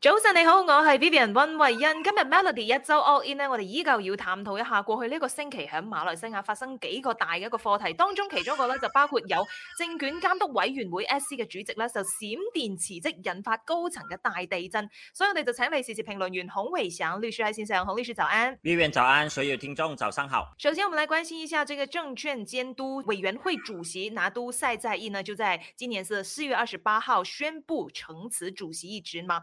早晨你好，我是 Vivian 温慧欣，今日 Melody 一周 All In 咧，我哋依舊要探討一下過去呢個星期喺馬來西亞發生幾個大的一個課題，當中其中一個咧就包括有證券監督委員會 SC 的主席咧就閃電辭職，引發高層的大地震，所以我哋就請時事評論員孔維祥律師喺現場，孔律師早安，Vivian 早安，所有聽眾早上好。首先，我們來關心一下這個證券監督委員會主席拿督賽在益呢，就在今年是四月二十八號宣布呈辭主席一職嘛，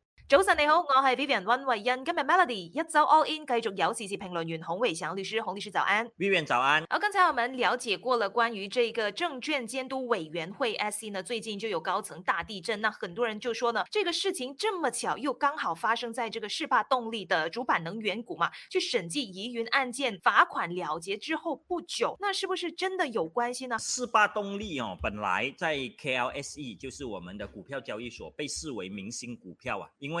早晨你好，我是 Vivian 溫慧欣，跟住 Melody 一早 All In 繼續有時事評論員洪偉祥律師，洪律師早安，Vivian 早安。而剛才我們了解過了關於這個證券監督委員會 SC 呢，最近就有高層大地震，那很多人就說呢，這個事情這麼巧，又剛好發生在這個世霸動力的主板能源股嘛，去審計疑雲案件罰款了結之後不久，那是不是真的有關係呢？世霸動力哦，本來在 KLSE 就是我們的股票交易所被視為明星股票啊，因為，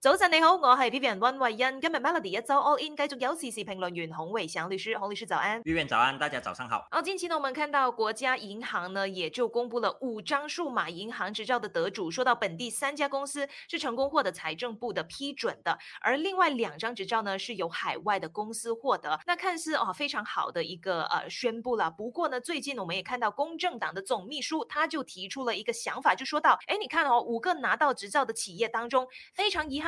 早晨你好，我係 Vivian 溫 a n 今日 Melody 一周 All In 繼續有時事評論員洪偉祥、祥律師，洪律、律師早安。Vivian 早安，大家早上好。哦，近期呢，我們看到國家銀行呢，也就公布了五張數碼銀行執照的得主，說到本地三家公司是成功獲得財政部的批准的，而另外兩張執照呢，是由海外的公司獲得。那看似哦非常好的一個呃宣布啦，不過呢，最近我們也看到公正黨的總秘書，他就提出了一個想法，就說到，誒，你看哦，五個拿到執照的企業當中，非常遺憾。